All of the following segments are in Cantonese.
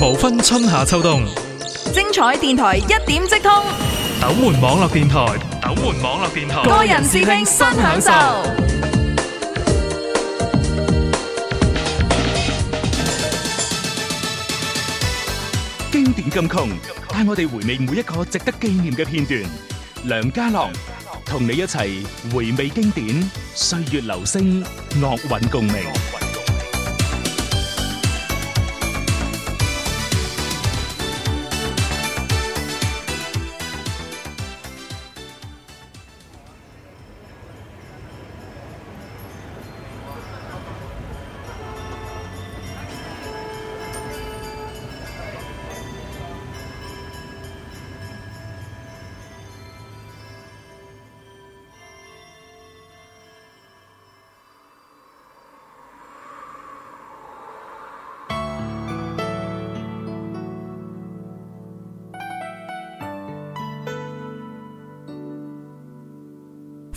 無分春夏秋冬，精彩電台一點即通，斗門網絡電台，斗門網絡電台，個人視聽，新享受，經典金曲，帶我哋回味每一個值得紀念嘅片段。梁家朗同你一齊回味經典，歲月留聲，樂韻共鳴。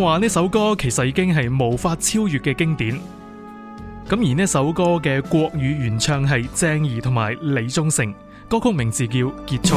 話呢首歌其實已經係無法超越嘅經典，咁而呢首歌嘅國語原唱係鄭怡同埋李宗盛，歌曲名字叫《結束》。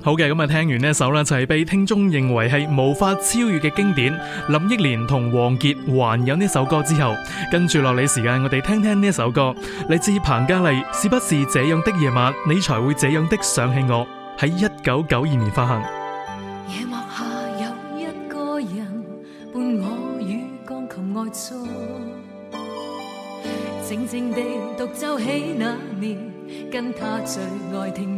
好嘅，咁啊聽完呢一首啦，就係被聽眾認為係無法超越嘅經典，林憶蓮同王傑，還有呢首歌之後，跟住落嚟時間，我哋聽聽呢一首歌，嚟自彭家麗，是不是這樣的夜晚，你才會這樣的想起我，喺一九九二年發行。夜幕下有一個人伴我與鋼琴愛坐，靜靜地獨奏起那年跟他最愛聽。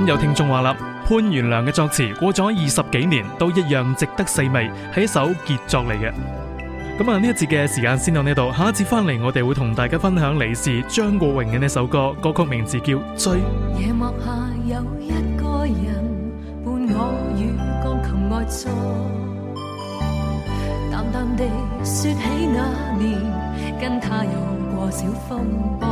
咁有聽眾話啦，潘元良嘅作詞過咗二十幾年都一樣值得細味，係一首傑作嚟嘅。咁啊呢一節嘅時間先到呢度，下一節翻嚟我哋會同大家分享李氏張國榮嘅呢首歌，歌曲名字叫追。夜幕下有一個人伴我與鋼琴愛坐，淡淡地說起那年，跟他有過小風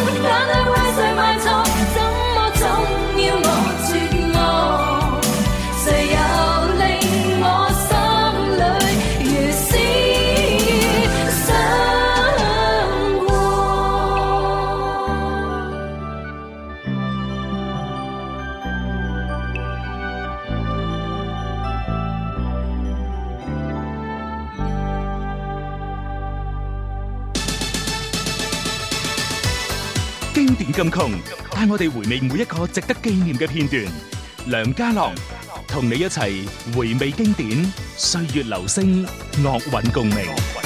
咁窮，帶我哋回味每一個值得紀念嘅片段。梁家樂，同你一齊回味經典，歲月留聲，樂韻共鳴。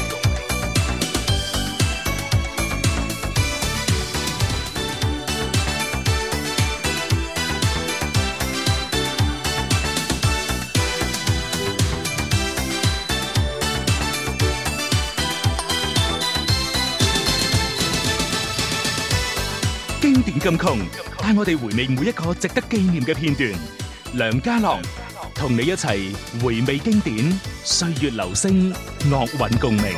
咁窮，帶我哋回味每一個值得紀念嘅片段。梁家樂，同你一齊回味經典，歲月留聲，樂韻共鳴。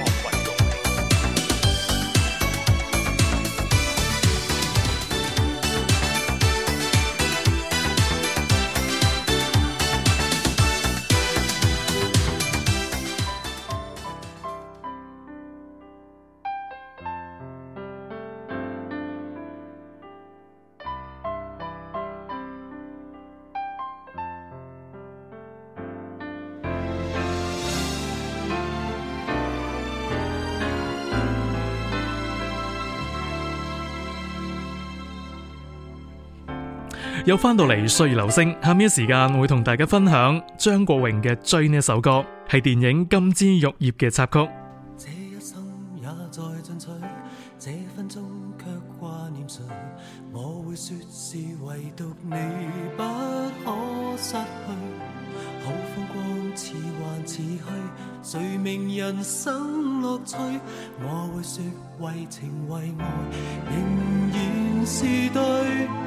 又翻到嚟《歲月留聲》，下面一時間我會同大家分享張國榮嘅《追》呢首歌，係電影《金枝玉葉》嘅插曲。這一生也在進取，這一分鐘卻掛念誰？我會說是唯獨你不可失去。好風光似幻似虛，誰明人生樂趣？我會說為情為愛，仍然是對。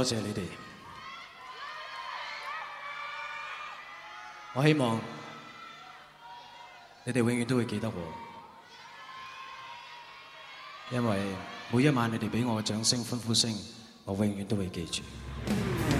多謝你哋，我希望你哋永遠都會記得我，因為每一晚你哋俾我嘅掌聲、歡呼聲，我永遠都會記住。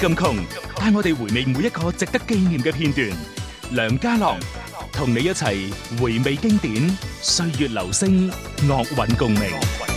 咁窮，帶我哋回味每一個值得紀念嘅片段。梁家朗同你一齊回味經典，歲月留聲，樂韻共鳴。